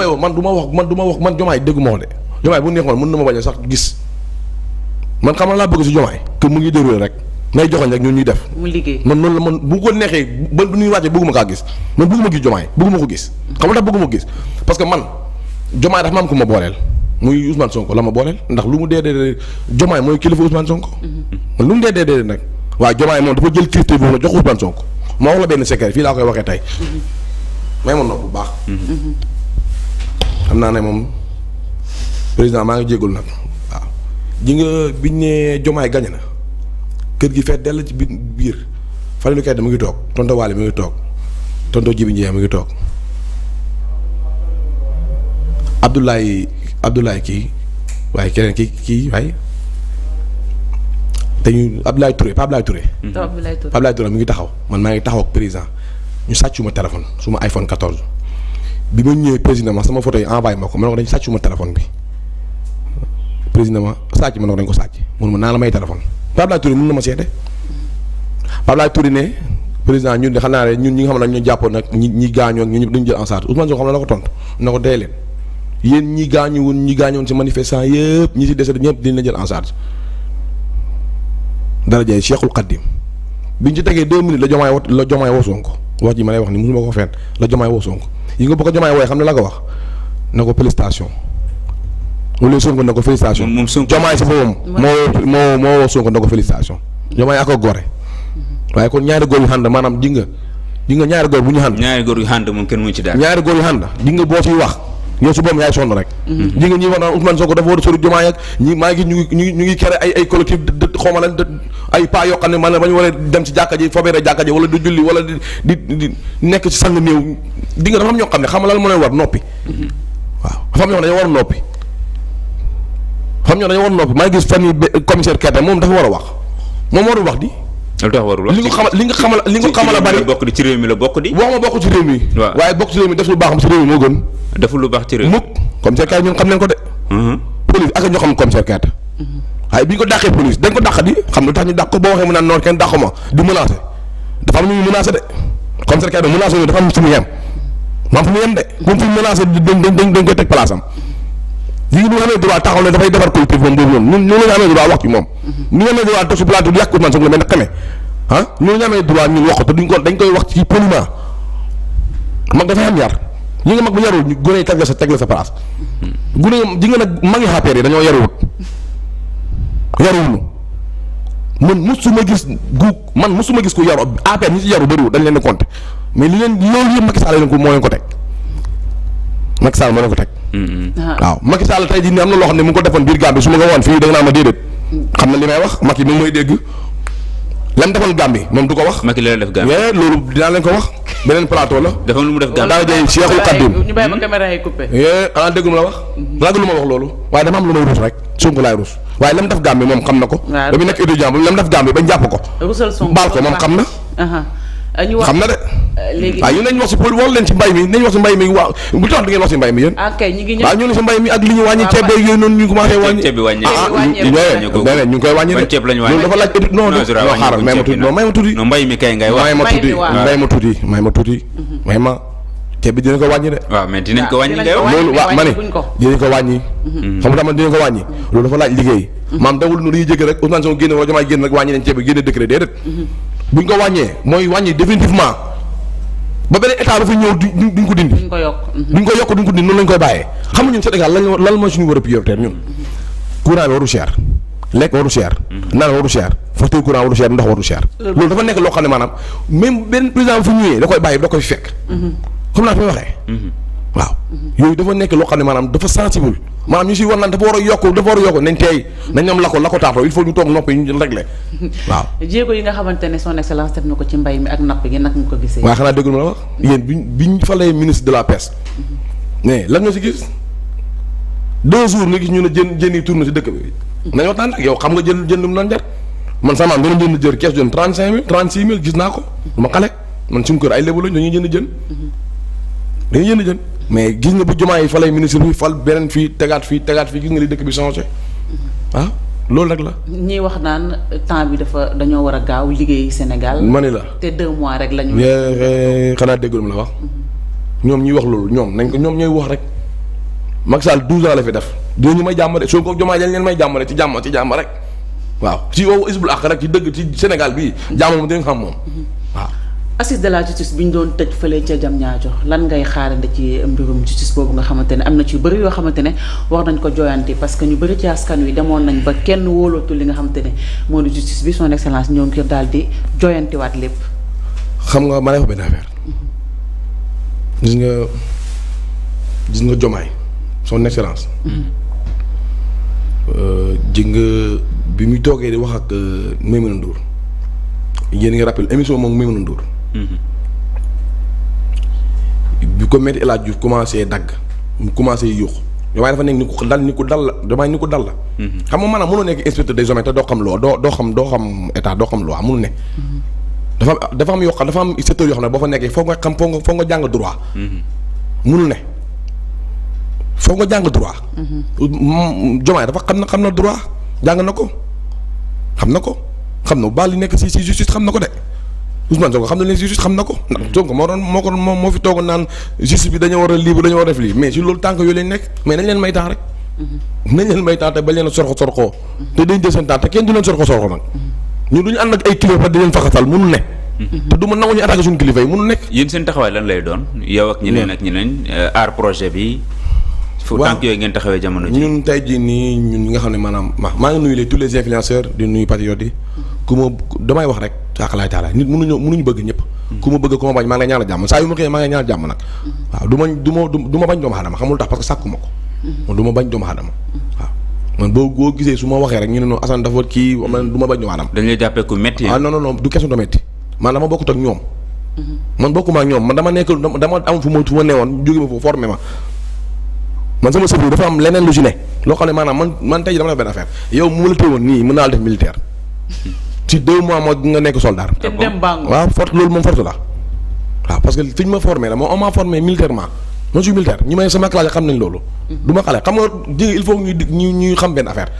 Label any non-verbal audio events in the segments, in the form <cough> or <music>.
damay wax man du ma wax man du ma wax man jomaay ma wax de jomaay bu neexoon mën na ma bañ sax gis man xam que mu ngi déroulé rek rek ñun ñuy def. mu liggéey man noonu la man bu ko neexee ba bu ñuy wàccee bëgguma kaa gis man bëgguma gis jomaay bëgguma ko gis. xam nga tax bëgguma ko gis parce que man jomaay dafa ma ma booleel muy Ousmane Sonko la ma booleel ndax lu mu dee dee jomaay mooy kilifa Ousmane Sonko. lu mu dee dee nag waaye jomaay moom dafa jël kilifte bi ma jox Ousmane Sonko ma wax la benn secret fii laa koy waxee tey. Mhm. may ma nopp bu baax. Mhm. xam naa ne moom président maa ngi jégul nag waaw ji nga biñ ne jomaay gañe na kër gi feet dell ci biir Fadilou Keita mu ngi toog tonto Waly mu ngi toog tonto Djibi Ndiaye mu ngi toog Abdoulaye Abdoulaye kii waaye keneen ki kii waaye te ñu Abdoulaye Touré Pape Abdoulaye Touré. Pape Abdoulaye Touré mu ngi taxaw man maa ngi taxaw ak président ñu sàcc ma téléphone su ma iPhone 14. bi ma ñëwee président ma sama photo yi envoyé ma ko ma ne ko dañ sàcc ma téléphone bi président ma sàcc ma ne ko dañ ko sàcc mun ma naa la may téléphone Pape Laye Touré mun na ma seede Pape Laye Touré ne président ñun de xam naa ne ñun ñi nga xam ne ñu jàppoon nag ñi ñi gaañoon ñu ñëpp dañu jël en charge Ousmane Sonko xam na ko tontu na ko dee leen yéen ñi gaañuwoon ñi gaañoon si manifestant yëpp ñi si dese ñëpp dinañ la jël en charge dara jaay Cheikhul Khadim biñ ci tegee deux minutes la jomaay la jomaay woo Sonko wax ji ma lay wax ni mosuma ko fenn la jomaay woo Sonko yi nga bu ko jomaay wooye xam ne la ko wax na ko félicitation wala Sonko na ko félicitation jomaay si boppam moo moo moo woo Sonko na ko félicitation jomaay ak a gore mhm. waaye kon ñaari góor yu xànd maanaam di nga di nga ñaari góor bu ñu xànd ñaari góor yu xànd moom kenn ci daal ñaari góor yu xànd di nga boo ciy wax yow su boobu yaay sonn rek ñi ngi ñuy wax naan Ousmane Sonko dafa war sori jumaa ak maa ngi ñu ngi ñu ngi ñu ngi kere ay ay collectif de xawma lan ay pas yoo xam ne maanaam ba ñu war a dem ci jàkka ji fobere jàkka ji wala du julli wala di di nekk ci sang néew di nga dafa am ñoo xam ne xam lan moo war noppi waaw dafa am xam ne dañoo war noppi xam ñoo dañoo war noppi maa ngi gis fan yi commissaire Keita moom dafa war a wax moom warul wax di lu tax li nga xamal li nga xamal li a bari bokk di ci réew mi la wax ma bokk ci réew mi waaye bokk ci réew mi def lu baaxam ci réew mi moo gën deful lu baax ci réew mukk xam nañ ko de mm-hmm. police ak ñoo mm-hmm. bi ko dàqee police dañ ko dàq di xam lu tax ñu dàq ko boo waxee mu naan noonu kenn dàqu ma di menacé dafa am ñu menacé de commissaire Keita menacé ñu dafa am fu mu maam fu mu de comme fu mu menacé dañ dañ koy teg place am yi ñu amee droit taxaw ne dafay defar collectif moom boobu noonu ñun ñu lañu amee droit moom ni nga ne waa toog si plateau di yàq Ousmane Sonko la ne xamee ah wax te duñ ko dañ koy wax ci poliment mag dafay am yar ñu nga mag bu yarul gune yi teg la sa teg la sa place gune yi nga nag mag yi xaapeer yi dañoo yaruwut yaruwuñu man mosuma gis ma man mosuma gis ku yaru APR ñi ci yaru bëriwul dañ leen di mais li leen loolu yëpp Macky ko moo leen ko teg Macky Sall moo leen ko teg. Mm-hmm. waaw Macky Sall tey jii am na loo xam ne mu ngi defoon biir gàddu su ma nga woon fii da naa ma déedéet. xam na li may wax Macky mi ngi may dégg lam defoon Gambie moom du ko wax. Macky la def Gambie loolu dinaa leen ko wax beneen plateau la. dafa lu mu def Gambie daal di Cheikhul Khadim ñu bàyyi ba hmm? caméra yi coupé. la ma wax loolu waaye dama am lu may ruus rek Sonko laay ruus waaye lam moom xam na ko. waaw ba mu nekk étudiant ba lam def Gambie ba ñu jàpp ko. baal ko moom xam na. Ah, ñu wax xam na de. Euh, léegi waaw ñun nañu wax si pour war leen si mbay mi nañu wax si mbay mi waaw bu tax di ngeen wax si mbay mi yéen. ok ah, ñu ngi si mbay mi ak li ñu ah, koy wàññi de. loolu dafa laaj étude ma tuuti non may ma tuuti. Mhm. dinañ ko wàññi de. ma dinañ ko wàññi. loolu dafa laaj liggéey. Mhm. maam dawul nu dañuy jékki rek Ousmane Sonko génn wala jamaay génn wàññi nañ ceeb bi génne décret déedéet mhm. bu ñu ko wàññee mooy wàññi définitivement ba beneen état ba fi ñëw duñ duñ ko dindi. duñ ko yokk mhm. duñ ko yokk ko dindi noonu lañ koy bàyyee. xam nga ñun Sénégal lan lan mooy suñu war a prioritaire ñun mhm. courant bi waru cher lekk waru cher. Mhm. naan waru cher facture courant waru cher ndox waru cher. Euh, loolu dafa nekk loo xam ne maanaam même benn président bu fi ñëwee da koy bàyyi da koy fekk. comme naa fi waxee. waaw yooyu dafa nekk loo xam ne maanaam dafa sensible maanaam ñu si war naan dafa war a yokk dafa war a yokk nañ teey nañ am la ko la ko taatoo il faut ñu toog noppi ñu réglé <laughs> ne son excellence def na ko ci mbay mi ak napp gi nag mu ko gisee. waaw xanaa dëgg ma la wax yéen biñ mais lan nga si gis deux jours nga gis ñu ne jën jën yi tour na si dëkk bi. nañ waxtaan ak yow xam nga jën jën lu mu doon jar man sama maam dana jënd jër kees jën trente cinq mille trente six mille gis naa ko. ma xale man suñu kër ay lébu lañ dañuy jënd jën dañuy jënd jën mais gis nga bu jumaa yi falay ministre bi fal beneen fii tegaat fii tegaat fii gis nga li dëkk bi changé ah loolu rek la. ñiy wax naan temps bi dafa dañoo war a gaaw liggéey Sénégal. ma ni la te deux mois rek la ñu. Eh, xanaa déggul ma la wax. Mhm. ñoom ñuy wax loolu ñoom nañ ko ñoom ñooy wax rek. Macky Sall 12 ans la fi def dinañu may jàmm de soo ko jomaa jal leen may jàmm rek ci jàmm ci jàmm rek waaw ci wow isbul àq rek ci dëgg ci Sénégal bi jàmm dañ xam moom. Mhm. assise de la justice bi ñu doon tëj fële ca jam ñaajo lan ngay xaarandi ci mbirum justice boobu nga xamante ne am na ci yu bëri yoo xamante ne war nañ ko jooyante parce que ñu bëri ci askan wi demoon nañ ba kenn wóolootul li nga xamante ne moo di justice bi son excellence ñoo ngir daal jooyantiwaat lépp. xam nga ma lay wax benn affaire. gis nga gis nga jomaay son excellence. Mm-hmm. Euh, ji nga bi muy toogee di wax ak euh, Maimouna Ndour yéen a ngi rappel émission moom Maimouna Ndour. Mm-hmm. bi ko metti El Hadj commencé dagg mu commencé yuux waaye dafa nekk ni ko dal ni ko dal la damay ni ko dal la. Mm-hmm. xam nga maanaam mënoo nekk inspecteur des domaines doo xam loi doo doo xam doo xam état doo xam loi mënu ne. Mm-hmm. dafa dafa am yoo dafa am secteur yoo ne boo fa nekkee foog nga xam foog nga foog nga jàng droit. mënu ne foog nga jàng droit. dafa xam na xam na droit jàng na ko xam na ko xam na baal li nekk si si justice xam na ko de. Ousmane Sonko xam na ne justice xam na ko ndax Sonko moo doon moo ko moo moo fi toogoon naan justice bi dañoo war a libre dañoo war a def lii mais si loolu tànk yooyu lañ nekk mais nañ leen may temps rek mhm. nañ leen a sorxo sorxoo te dañ jël seen temps te kenn du leen sorxo sorxo mhm. kilifa ne mhm. yi mënul nekk yéen seen taxawaay lan lay doon yow ak ñeneen ak ñeneen euh, aar projet bi fu tànk yooyu ngeen taxawee jamono ji ñun tey jii nii ñun nga xam ne maanaam maa ngi nuyu les tous les influenceurs di nuyu patriotes yi ku ma damay rek caakalaay taalaay nit mënuñu mënuñu bëgg ñëpp ku ma bëgg ku ma bañ maa ngi lay jàmm saa yu ma xëyee maa ngi lay ñaanal jàmm nag waaw du ma ma du ma bañ doomu aadama xamul tax parce que ma ko man bañ doomu aadama waaw man boo boo gisee su ma waxee rek ñu ne noonu Assane dafa kii man ma bañ doomu aadama dañ lay jàppee ku métti ah non non non du question man dama bokkut ak ñoom man bokkuma ñoom man dama nekk dama am fu ma fu ma newoon jóge ma foofu formé ma man sama sëb dafa am leneen lu si ne loo xam ne maanaam man man tey dama d benn affaire yow mu la mën naa def militaire ci deux mois moo nga nekk soldat. te dem bànq. waaw force loolu moom force la waaw parce que fi ñu ma formé la moom on m'a formé militairement non suis militaire ñi may sama classe xam nañ loolu. Mm-hmm. du xale xam nga jigéen il faut ñuy ñuy xam benn affaire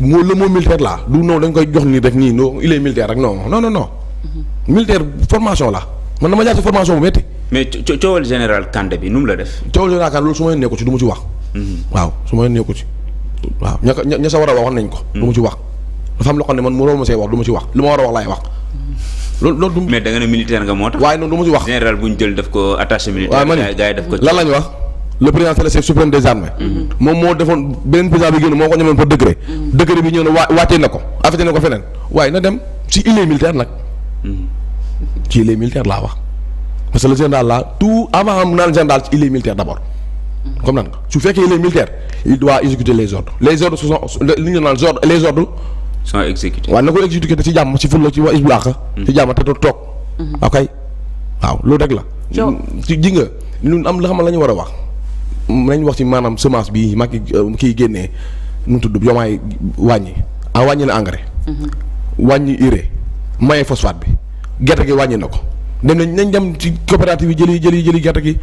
moo le mot militaire là du non dañ koy jox nii rek nii non il est militaire rek non non non non. Mm-hmm. militaire formation la man dama jaar ci formation bu métti. mais co coowal général kande bi nu mu la def. coowal général Kandé loolu ci du ma ci wax. Mm-hmm. waaw su ma yónnee ci. waaw ña ña sa war a waxoon nañ ko. du ma ci wax. dafa am loo xam ne man mënoo ma see wax du ma war a wax laay wax. loolu loolu du. mais da nga ne militaire nga moo tax. waaye noonu du ma ci wax général bu jël daf ko attaché militaire. waaw man yi la ñu wax. le président c'est le chef mm-hmm. moom moo defoon beneen président bi génn moo ko ñemoon pour décret. Mm-hmm. décret bi ñëw na waa wàccee na ko affecté na ko feneen waaye na dem si il militaire nag. Mm-hmm. ci il militaire laa wax parce que le général là tout avant am naan général ci il est militaire d' fekkee il est militaire il les ordres les ordres ce sont sans exécuter waaw na ko exécuter ci jàmm ci fulla ci wa is bu mm-hmm. ci jàmm te toog. Mm-hmm. ok waaw loolu rek la. ci ji nga ñun am la xam la war a wax. nañ wax ci maanaam semence bi mag euh, ki génnee nu mu tudd yomaay wàññi ah wàññi na engrais. Mm-hmm. wàññi urée maye phosphate bi gerte gi wàññi na ko dem nañ nañ dem ci coopérative yi jëli jëli jëli gerte gi.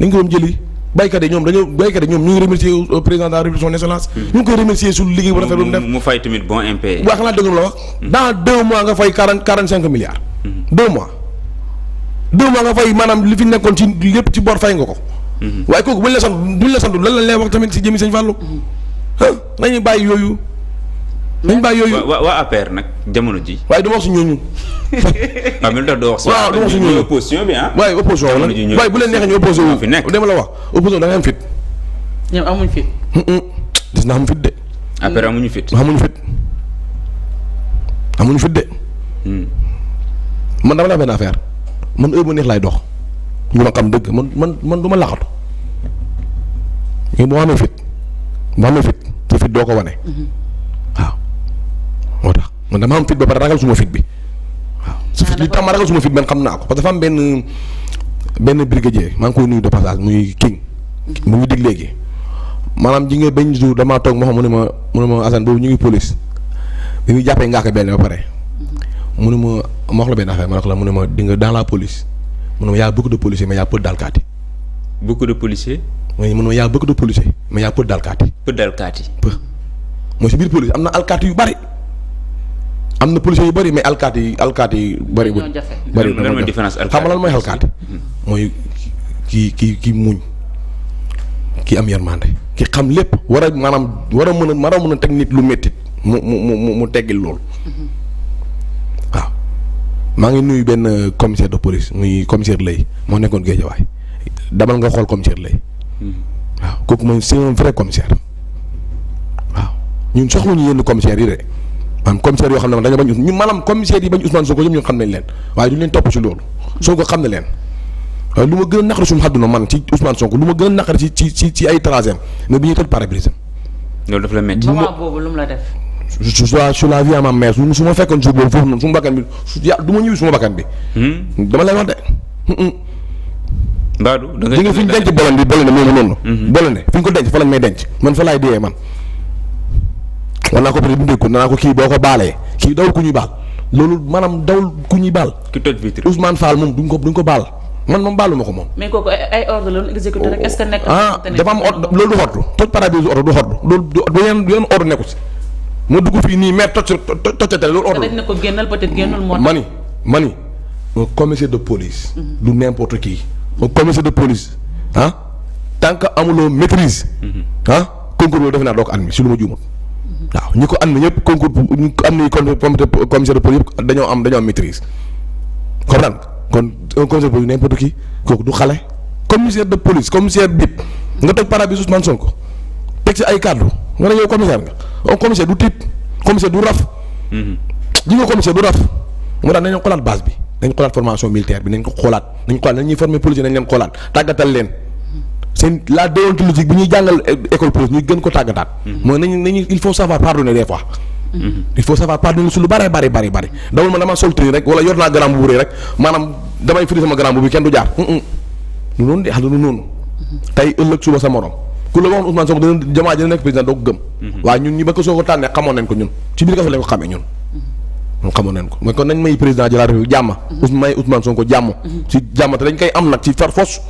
nañ ko doon jëli. béykat yi ñoom dañoo béykat yi ñoom ñu ngi remercier euh, président de la république son excellence. Hmm. ñu ngi koy remercier suñu liggéey bu rafet lu mu def mu fay tamit dëgg la wax. Hmm. dans deux nga fay quarante quarante cinq milliards. Hmm. deux nga fay maanaam li fi nekkoon ci lépp ci bor fay nga ko. waaye kooku buñ la sant buñ la sant lan wax tamit si jëmi sëñ Fallou. ah nañu bàyyi yooyu. nañ bàyyi yooyu waa waa APR nag jamono ji waaye du ma wax si ñooñu. bi ah. waaye opposition la waaye bu leen neexee ñu opposé wu. nekk dama la wax opposition da am fit. ñoom amuñ fit. na am fit de. APR amuñu fit. amuñu fit amuñu fit de. Hmm. man dama la benn affaire man heure bu neex laay dox ñu ma xam dëgg man man man du ma laxatu mais boo amee fit boo amee fit te fit doo ko wane. Mm-hmm. moo tax man dama am fit ba pare ragal suma fit bi waaw. su fit li tax ma ragal suma fit man xam naa ko parce que dafa am benn benn brigadier maa ngi koy nuyu de muy king mu ngi dig léegi maanaam ji nga benn jour damaa toog moo xam mu ne ma mu ne ma Assane boobu ñu ngi police bi ñu jàppee ngaa ko benn ba pare mm-hmm. mu ne ma ma wax la benn affaire ma wax la mu ne ma di nga dans la police mu ne ma y a beaucoup de policiers mais y a peu d'alkaati. beaucoup de policiers. mooy mu ne ma am na alkaati yu bari. am na policiers yu bari mais alkaati alkaati bari bëri. ñoo jafe bëri lan mooy différence alkaati mooy hmm. alkaati. mooy ki ki ki muñ ki am yërmande ki xam lépp war a maanaam war a mën a war mën a teg nit lu méttit mu mu mu mu teggil lool mm-hmm. waaw maa ngi nuyu benn commissaire de police muy commissaire lay moo nekkoon Géejawaay demal nga xool commissaire lay. Mm-hmm. waaw kooku mooy c'est un vrai commissaire waaw ñun soxluñu yenn commissaires yi de. maanaam commissaire yoo xam ne dañoo bañ ñu maanaam commissaire yi bañ xam nañ leen waaye du leen topp ci loolu Sonko xam na leen waaye euh, lu ma gën a naqari suñu xadduna man ci Ousmane Sonko lu ma a naqari ci ci ci bi boobu ma mère su ma fekkoon su boobu foofu noonu suma bakkan bi su ya du ma ñëwi suma bakkan bi hmm? dama lay wax de mbaadu da nga fi ñu denc bolon bi bolone moomu hmm. fi ñu ko denc fa lañ may denc man fa laay diyee man war naa ko peut être dundee ko naa ko kii boo ko baalee kii dawul ku ñuy baal loolu maanaam dawul ku ñuy baal. ki toj vitre Ousmane moom duñ ko duñ ko baal man moom baalu ma ko moom. Ah, dafa am ordre loolu du xottu toj pare-brise du xottu loolu du yeneen yeneen ordre nekku si moo dugg fii nii mais toj tojatale loolu. ordre dañ ne ko génnal peut-être génnul moo de police. Mhm. du n'importe qui. comme commissaire de police ah tant que amuloo maîtrise. Mhm. ah concours boobu defe naa doo ko admis si lu ma waaw ñi ko ànd ñëpp concours ñi ko ànd comme commissaire de police yëpp dañoo am dañoo am maîtrise kon un commissaire de police n'importe kooku du xale commissaire de police commissaire bip nga toj para bi Ousmane Sonko teg ci ay kàddu nga ne yow commissaire nga un commissaire du tiit commissaire du raf ji mhm. nga commissaire du raf mu daan nañu xoolaat base bi nañ xoolaat formation militaire bi nañ ko xoolaat nañ xoolaat nañ ñuy tàggatal leen seen la déontologie bi ñuy jàngal école prose ñu gën ko tàggataat. mooy nañu nañu il faut savoir pardonner des fois. il faut savoir pardonner su lu bare bare bare bare dawul ma dama sol tenue rek wala yor naa grand bu rëy rek maanaam damay firi sama grand bu bi kenn du jaar. lu noonu de xam ah, noonu. tey ëllëg suba sa morom. ku la waxoon Ousmane Sonko dina jamaa dina nekk président doo ko gëm. waaye ñun ñi ba ko soo ko tànnee xamoon nañ ko ñun ci biir kaso lañ ko xamee ñun. moom xamoon nañ ko mooy kon nañ may président de la République jàmm. may Ousmane Sonko jàmm. ci jàmm te dañ koy am nag ci far fos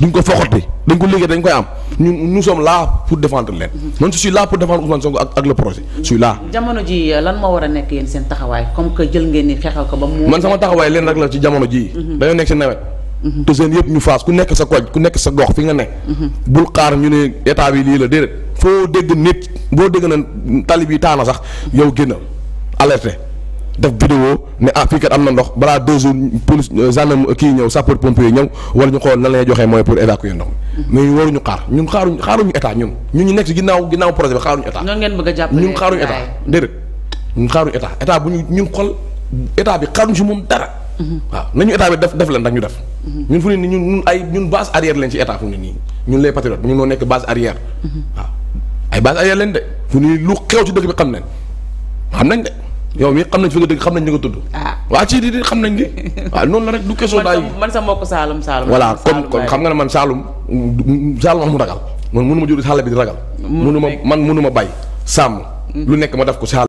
duñ ko foxati dañ ko liggéey dañ koy am ñun nous sommes là pour defante leen. man je suis là pour défendre Ousmane Sonko ak ak le projet. je suis jamono ji euh, lan moo war a nekk yéen seen taxawaay comme que jël ngeen ni xeexal ko ba mu. man sama taxawaay leen rek la ci jamono jii. Mhm. dañoo nekk si nawet. Mhm. te seen yëpp ñu faas ku nekk sa koñ ku nekk sa gox fi nga ne. Mhm. bul xaar ñu ne état bi lii la déedéet. foo dégg nit boo dégg na tali bi taana sax yow génnal alerte def vidéo ne ah fii kat am na ndox balaa deux jours police euh, gendarme euh, kii ñëw sapeur pompier ñëw wala ñu xool nan la ñuy joxee mooy pour évacuer ndox mi mm-hmm. mais ñu nekk ci ginnaaw ginnaaw projet bi xaaruñu état. noonu a jàppale ñun xaaruñu état déedéet ñun xaaruñu état état ñu ñun xol état bi xaaruñ ci moom dara. Mm-hmm. waaw nañu état bi def def leen rek ñu def. Mm-hmm. ñun fu ne nii ñun ñun ay leen ci état fu nii ñun les patriotes ñun ñoo nekk base arrière. waaw ay base arrière leen de fu ne lu xew ci dëkk bi xam nañ xam yow mii xam nañ fi nga dëgg xam nañ ñi nga tudd. ah waa ci di di xam nañ li waaw noonu la rek du <laughs> question. daay man sa mbokk Saalum Saalum. voilà comme comme xam nga ne man Saalum Saalum wax mu ragal man mënu ma jur xale bi di ragal. mënu ma man mënu ma bay sàmm. Mm. lu nekk ma def ko Saalum.